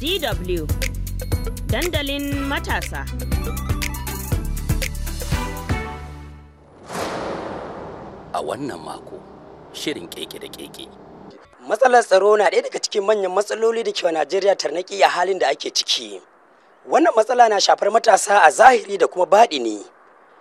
DW dandalin matasa. A wannan mako, shirin keke da keke. Matsalar tsaro na ɗaya daga cikin manyan matsaloli da ke wa Najeriya tarnaki a halin da ake ciki. Wannan matsala na shafar matasa a zahiri da kuma baɗi ne.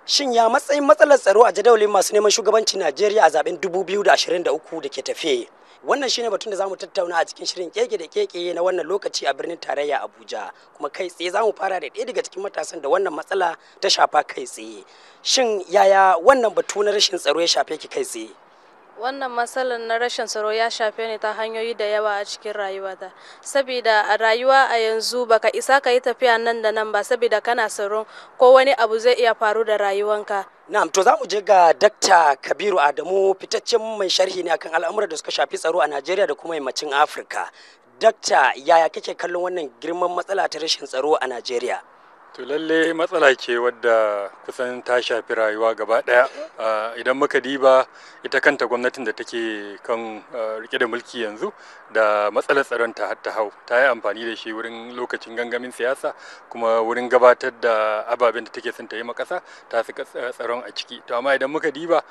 Shin ya matsayin matsalar tsaro a jadawalin masu neman shugabancin Najeriya a zaben 2023 da ke tafe? wannan shine batun da zamu tattauna a cikin shirin keke da keke na wannan lokaci a birnin tarayya Abuja kuma kai tsaye zamu fara da ɗaya daga cikin matasan da wannan matsala ta shafa kai tsaye shin yaya wannan batu na rashin tsaro ya shafe ki kai tsaye wannan matsalar na rashin tsaro ya shafe ni ta hanyoyi da yawa a cikin rayuwata saboda a rayuwa a yanzu baka isa ka yi tafiya nan da nan ba saboda kana tsaro ko wani abu zai iya faru da rayuwanka Na'am to za mu je ga Dakta Kabiru Adamu fitaccen mai sharhi ne akan al'amuran da suka shafi tsaro a Najeriya da kuma yammacin Afirka. Dakta yaya kake kallon wannan girman matsala ta rashin tsaro a Najeriya? To lalle matsala ce wadda kusan ta shafi rayuwa gaba ɗaya idan muka diba ita kanta gwamnatin da take kan rike da mulki yanzu da matsalar tsaron ta hatta hau ta yi amfani da shi wurin lokacin gangamin siyasa kuma wurin gabatar da ababen da take son ta yi makasa ta saka tsaron a ciki to amma idan muka diba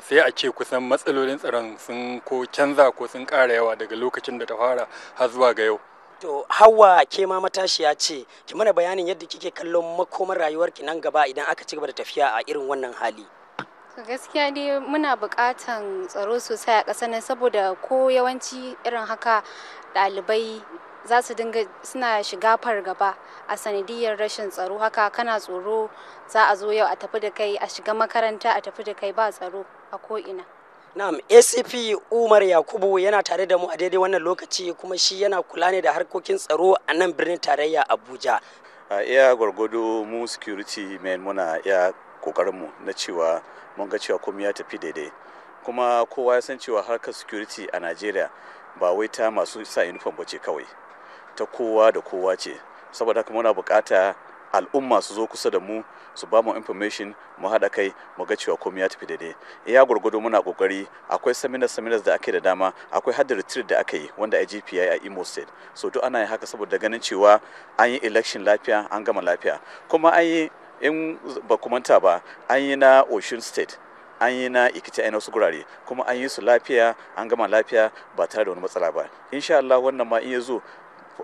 sai a ce kusan matsalolin tsaron sun ko canza ko sun ƙara yawa daga lokacin da ta fara har zuwa ga yau To Hawa ke ma matashiya ce, ki mana bayanin yadda kike kallon makomar rayuwar ki nan gaba idan aka ci gaba da tafiya a irin wannan hali. gaskiya dai muna buƙatan tsaro sosai a kasar nan saboda ko yawanci irin haka ɗalibai za su dinga suna shiga fargaba a sanadiyar rashin tsaro haka kana tsoro za a zo yau a tafi da kai a shiga makaranta a tafi da kai ba tsaro a ko ina. Na'am ACP Umar Yakubu yana tare da mu a daidai wannan lokaci kuma shi yana kula ne da harkokin tsaro a nan birnin tarayya Abuja. A iya gwargwado mu security men muna iya mu na cewa mun ga cewa komai ya tafi daidai. Kuma kowa ya san cewa harkar security a Najeriya ba wai ta masu sa uniform ba ce kawai. Ta kowa da kowa ce. Saboda haka muna bukata al'umma su zo kusa da mu su ba mu information mu haɗa kai mu ga cewa komai ya tafi daidai iya gwargwado muna kokari akwai seminar seminars da ake da dama akwai hadda retreat da aka yi wanda a GPI a Imo State so duk ana yin haka saboda ganin cewa an yi election lafiya an gama lafiya kuma an yi in ba manta ba an yi na Osun State an yi na ikita ainihin wasu gurare kuma an yi su lafiya an gama lafiya ba tare da wani matsala ba insha Allah wannan ma in ya zo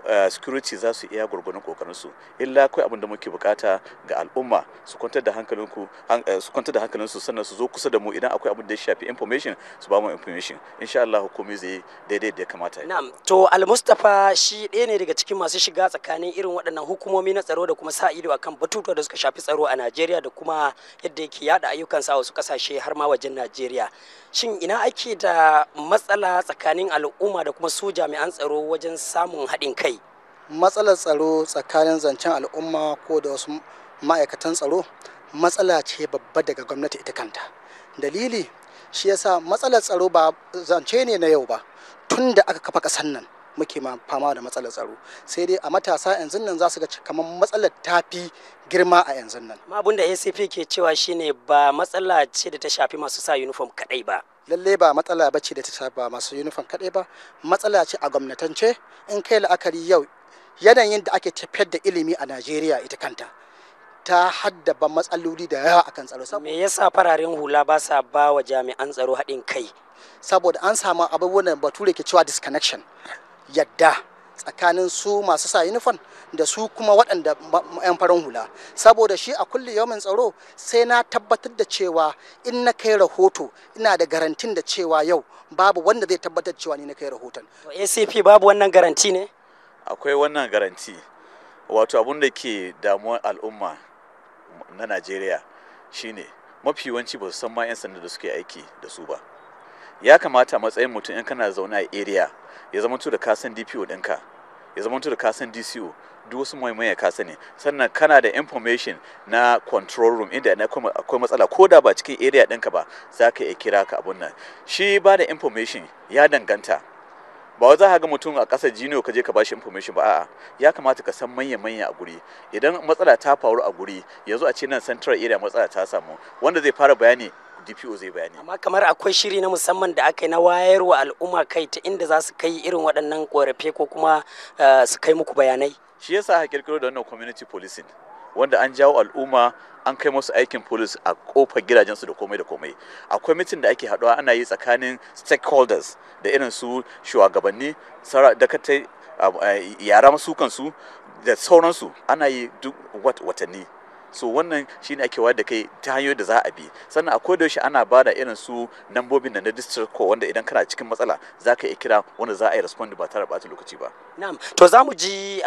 Eh, security za su iya gurgunan kokarinsu illa akwai abin da muke bukata ga al'umma su kwantar da hankalinku eh, su kwantar da hankalinsu sannan su zo kusa da mu idan akwai abin da ya shafi information su ba mu information insha Allah komai zai daidai da ya kamata na'am to almustafa shi ɗaya ne daga cikin masu shiga tsakanin irin waɗannan hukumomi na tsaro da kuma sa ido akan batutuwa da suka shafi tsaro a Najeriya da kuma yadda yake yada ayyukansa a wasu kasashe har ma wajen Najeriya shin ina ake da matsala tsakanin al'umma da kuma su jami'an tsaro wajen samun haɗin kai kai matsalar tsaro tsakanin zancen al'umma ko da wasu ma'aikatan tsaro matsala ce babba daga gwamnati ita kanta dalili shi yasa matsalar tsaro ba zance ne na yau ba tun da aka kafa ƙasar nan muke fama da matsalar tsaro sai dai a matasa yanzu nan za su ga kamar matsalar tafi girma a yanzu nan abin da acp ke cewa shine ba matsala ce da ta shafi masu sa uniform kadai ba lalle ba matsala ba ce da ta shafi masu uniform kadai ba matsala ce a gwamnatance in kai la'akari yau yanayin da ake tafiyar da ilimi a najeriya ita kanta ta haddaba matsaloli da yawa akan tsaro me yasa fararen hula ba sa ba wa jami'an tsaro haɗin kai saboda an samu abubuwan da bature ke cewa disconnection yadda tsakanin su masu sa uniform da su kuma waɗanda 'yan farin hula saboda shi a kulle yawon tsaro sai na tabbatar da cewa in na kai rahoto ina da garantin da cewa yau babu wanda zai tabbatar cewa ni na kai rahoton acp babu wannan garanti ne akwai wannan garanti wato abun da ke damuwar al'umma na najeriya shine mafi yawanci ba su san ma 'yan sanda da suke aiki da su ba ya kamata matsayin mutum in kana zaune a area ya zama da kasan dpo ɗinka ya zama da kasan dco duk wasu muhimman ya kasa ne, sannan kana da information na control room inda akwai matsala ko da ba cikin area ɗinka ba za ka iya kira ka abun nan shi ba da information ya danganta ba za ka ga mutum a ƙasar jino ka je ka bashi information ba a'a ya kamata ka san manya manya a guri idan matsala ta faru a guri yanzu a ce nan central area matsala ta samu wanda zai fara bayani DPO zai bayani amma kamar akwai shiri na musamman da aka yi na wayarwa al'umma kai ta inda za su kai irin waɗannan ƙorafe ko kuma eh, su kai muku bayanai shi yasa aka kirkiro da wannan community policing wanda an jawo al'umma an kai musu aikin polis a kofar gidajensu da komai da komai akwai mitin da ake haɗuwa ana yi tsakanin stakeholders da irin su shugabanni dakatai eh, yara masu kansu da sauransu ana yi duk watanni so wannan shine ake wayar da kai ta hanyoyi da za a bi sannan a koda yaushe ana bada irin su nambobin da na district ko wanda idan kana cikin matsala za ka iya kira wanda za a yi respond ba tare da bata lokaci ba na'am to za mu ji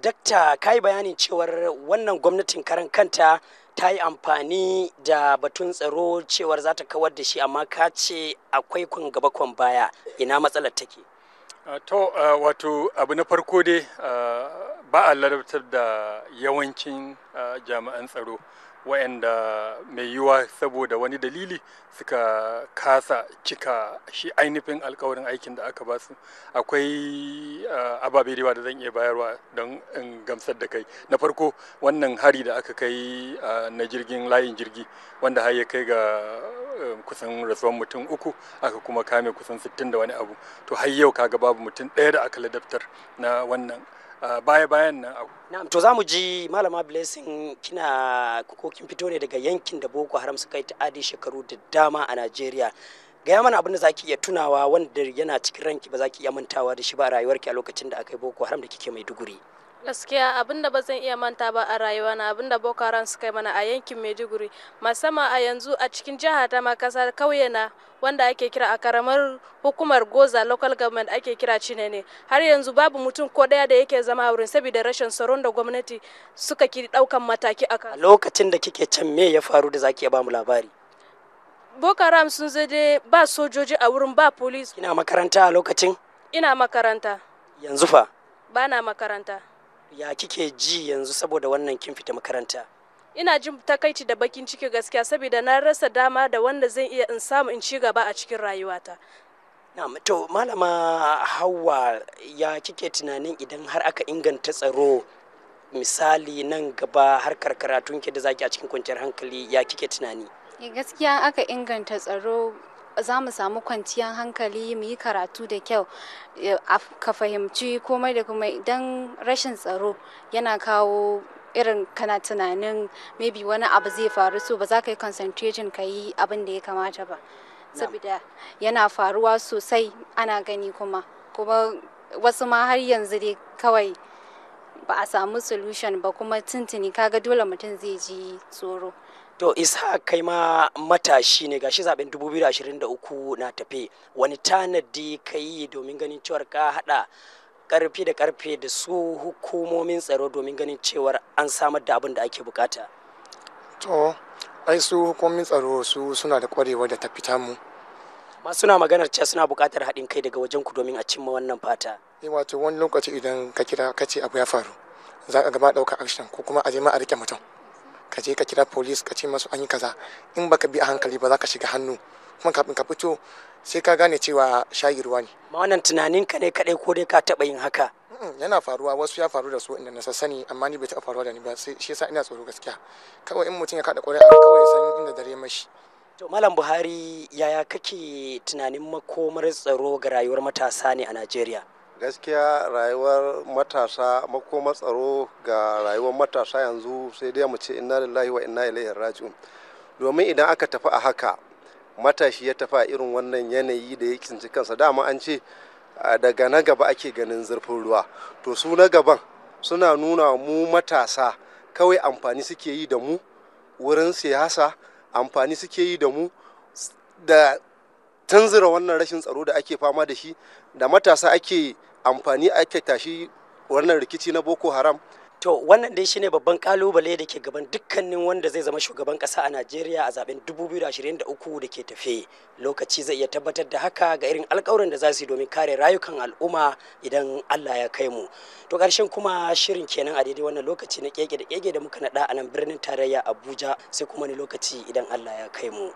dakta kai bayanin cewar wannan gwamnatin karan kanta ta yi amfani da batun tsaro cewar za ta kawar da shi amma ka ce akwai kun gaba kwan baya ina matsalar take to wato abu na farko dai ba a ladabtar da yawancin jami'an tsaro waɗanda mai yiwuwa saboda wani dalili suka kasa cika shi ainihin alkawarin aikin da aka basu akwai ah, ababe da da zan iya bayarwa don in gamsar da kai na farko wannan hari da aka kai ah, na jirgin layin jirgi wanda har ya kai ga eh, kusan rasuwan mutum uku aka kuma kame kusan sittin da wani abu to har yau kaga babu mutum ɗaya da aka ladabtar na wannan Ah, baya-bayan nan abu. Na'am to za mu ji malama blessing kina ko kin fito ne daga yankin da Boko Haram suka yi ta'adi shekaru da dama a Najeriya. Gaya mana abin da za ki iya tunawa wanda yana cikin ranki ba zaki iya mantawa da shi ba a rayuwarki a lokacin da aka yi Boko Haram da kike mai duguri. gaskiya abinda ba zan iya manta ba a rayuwa na abinda boko haram suka yi mana a yankin maiduguri musamman a yanzu a cikin jiha ta ma kasa kauye na wanda ake kira a karamar hukumar goza local government ake kira cine ne har yanzu babu mutum ko daya da yake zama a wurin saboda rashin tsaron da gwamnati suka ki daukan mataki a kan lokacin da kike can me ya faru da zaki ba mu labari boko haram sun zai dai ba sojoji a wurin ba police ina makaranta a lokacin ina makaranta yanzu fa bana makaranta ya kike ji yanzu saboda wannan kin fita makaranta ina jin takaici da bakin ciki gaskiya saboda na rasa dama da wanda zan iya in samu in ci gaba a cikin rayuwata na'am to malama hawa ya kike tunanin idan har aka inganta tsaro misali nan gaba harkar karatun ki da zaki a cikin kwanciyar hankali ya kike tunani eh, gaskiya aka inganta tsaro za mu samu kwanciyar hankali mu yi karatu da kyau ka fahimci komai da kuma idan rashin tsaro yana kawo irin kana tunanin maybe wani abu zai faru so ba za ka yi concentration ka yi abin da ya kamata ba saboda yana faruwa sosai ana gani kuma kuma wasu ma har yanzu dai kawai ba a samu solution ba kuma tuntuni kaga dole mutum zai ji tsoro To isa kai ma matashi ne gashi zaben 2023 na tafe wani tanadi ka yi domin ganin cewar ka hada karfi da karfe da su hukumomin tsaro domin ganin cewar an samar da abin da ake bukata. To ai su hukumomin tsaro su suna da kwarewa da ta fita mu. Ma suna maganar cewa suna bukatar haɗin kai daga wajen ku domin a cimma wannan fata. Eh wato wani lokaci idan ka kira ka ce abu ya faru za ka gaba ɗauka action ko kuma a je ma a rike mutum. ka je ka kira police ka ce masu an yi kaza in baka bi a hankali ba za ka shiga hannu kuma kafin ka fito sai ka gane cewa shayi ruwa ne ma wannan tunanin ka ne kadai ko dai ka taba yin haka yana faruwa wasu ya faru da su inda na sani amma ni bai taɓa faruwa da ni ba sai shi yasa ina tsoro gaskiya kawai in mutum ya kada ƙuri'a kawai san inda dare mashi to malam buhari yaya kake tunanin makomar tsaro ga rayuwar matasa ne a najeriya gaskiya rayuwar matasa makoma tsaro ga rayuwar matasa yanzu sai dai mu ce inna lillahi wa inna ilaihi raji'un domin idan aka tafi a haka matashi ya tafi a irin wannan yanayi da ya kinci kansa dama an ce daga na gaba ake ganin zurfin ruwa to su na gaban suna nuna mu matasa kawai amfani suke yi da mu wurin siyasa amfani suke yi da mu da tanzura wannan rashin tsaro da ake fama da shi da matasa ake amfani ake tashi wannan rikici na boko haram to wannan dai shine babban kalubale da ke gaban dukkanin wanda zai zama shugaban kasa a najeriya a zaben 2023 da ke tafe lokaci zai iya tabbatar da haka ga irin alkawarin da za su yi domin kare rayukan al'umma idan allah ya kai mu to karshen kuma shirin kenan a daidai wannan lokaci na kege da kege da muka naɗa a nan birnin tarayya abuja sai kuma ni lokaci idan allah ya kai mu